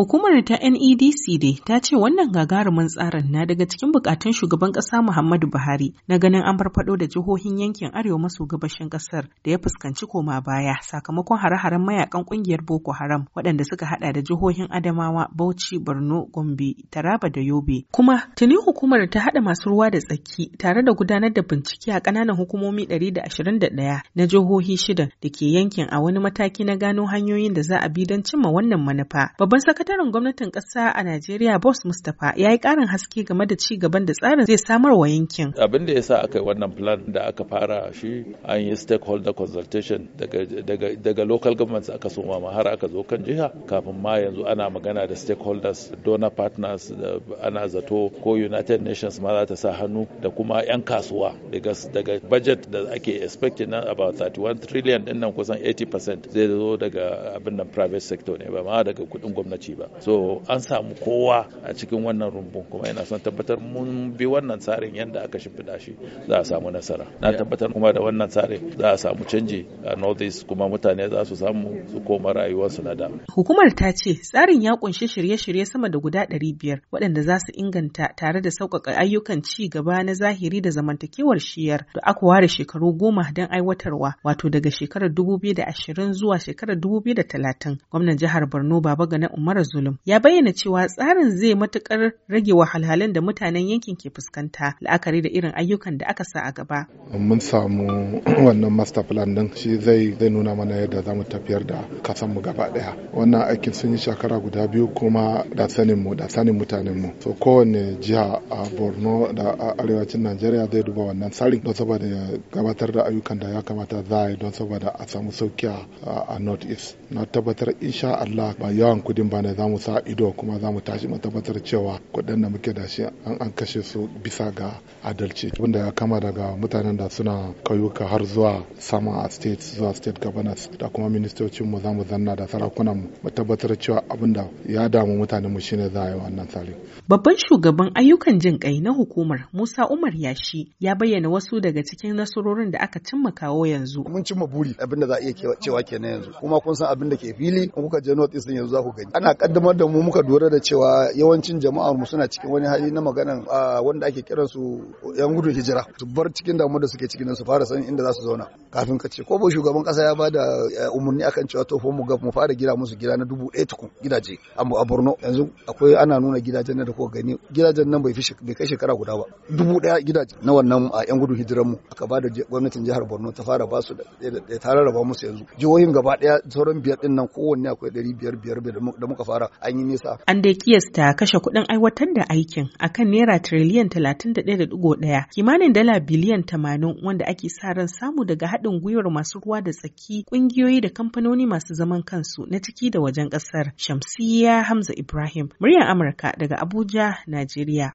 Hukumar ta NEDC dai ta ce wannan gagarumin tsarin na daga cikin bukatun shugaban ƙasa Muhammadu Buhari na ganin an farfado da jihohin yankin Arewa maso gabashin ƙasar da ya fuskanci koma baya sakamakon hare-haren mayakan ƙungiyar Boko Haram waɗanda suka hada da jihohin Adamawa, Bauchi, Borno, Gombe, Taraba da Yobe. Kuma tuni hukumar ta haɗa masu ruwa da tsaki tare da gudanar da bincike a ƙananan hukumomi 121 na jihohi shida da ke yankin a wani mataki na gano hanyoyin da za a bi don cimma wannan manufa. Babban sakata Sakataren gwamnatin ƙasa a Najeriya Boss Mustapha ya yi ƙarin haske game da ci gaban da tsarin zai samar wa yankin. Abin da ya sa aka yi wannan plan da aka fara shi an yi stakeholder consultation daga, local governments aka soma ma har aka zo kan jiha kafin ma yanzu ana magana da stakeholders donor partners ana zato ko United Nations ma za ta sa hannu da kuma 'yan kasuwa daga, daga budget da ake expecting na about 31 trillion din nan kusan 80% zai zo daga abin nan private sector ne ba ma daga kuɗin gwamnati ba. ba so an samu kowa a cikin wannan rumbun kuma ina son tabbatar mun bi wannan tsarin yadda aka shimfiɗa shi za a samu nasara na tabbatar kuma da wannan tsarin za a samu canji a northeast kuma mutane za su samu su koma rayuwarsu na da hukumar ta ce tsarin ya kunshi shirye-shirye sama da guda 500 waɗanda za su inganta tare da sauƙaƙa ayyukan ci gaba na zahiri da zamantakewar shiyar da aka ware shekaru goma don aiwatarwa wato daga shekarar 2020 zuwa shekarar 2030 gwamnan jihar borno baba gana umar ƙara zulum ya bayyana cewa tsarin zai matukar rage wahalhalun da mutanen yankin ke fuskanta la'akari da irin ayyukan da aka sa a gaba. Mun samu wannan master plan din shi zai zai nuna mana yadda za mu tafiyar da kasan mu gaba daya. Wannan aikin sun yi shakara guda biyu kuma da sanin mu da sanin mutanen mu. So kowanne jiha a Borno da arewacin Najeriya zai duba wannan tsarin don saboda gabatar da ayyukan da ya kamata za a yi don saboda a samu sauki a North East. Na tabbatar insha Allah ba yawan kudin bana wanda za mu sa ido kuma za mu tashi matabatar cewa kudin da muke da shi an kashe su bisa ga adalci abinda ya kama daga mutanen da suna kayuka har zuwa sama a state zuwa state governors da kuma ministocin mu za mu zanna da sarakunan mu matabatar tabbatar cewa abinda ya damu mutanen mu shine za a yi wannan tsari. Babban shugaban ayyukan jin kai na hukumar Musa Umar Yashi ya bayyana wasu daga cikin nasarorin da aka cimma kawo yanzu. Mun cimma buri abin da za a iya cewa kenan yanzu kuma kun san abin da ke fili kuka je north east yanzu za ku gani ana kaddamar da mu muka dora da cewa yawancin jama'ar mu suna cikin wani hali na maganan wanda ake kiran su yan gudun hijira bar cikin damu da suke cikin su fara sanin inda za su zauna kafin ka ce ko ba shugaban kasa ya bada e, umarni akan cewa to mu ga mu fara gida musu gida na dubu ɗaya tukun gidaje a Borno yanzu akwai ana nuna gidajen da kuka gani gidajen nan bai fi bai kai shekara guda ba dubu ɗaya gidaje na wannan a yan gudun hijiran mu aka bada gwamnatin jihar Borno ta fara basu da ta rarraba musu yanzu jihohin gaba ɗaya sauran biyar din nan kowanne akwai ɗari biyar biyar da muka fara an yi nisa. An dai kiyasta kashe kuɗin aiwatar da aikin akan naira tiriliyan 31.1 kimanin dala biliyan tamanin, wanda ake sa ran samu daga haɗin gwiwar masu ruwa da tsaki ƙungiyoyi da kamfanoni masu zaman kansu na ciki da wajen ƙasar. Shamsiyya Hamza Ibrahim, muryar Amurka daga Abuja, Najeriya.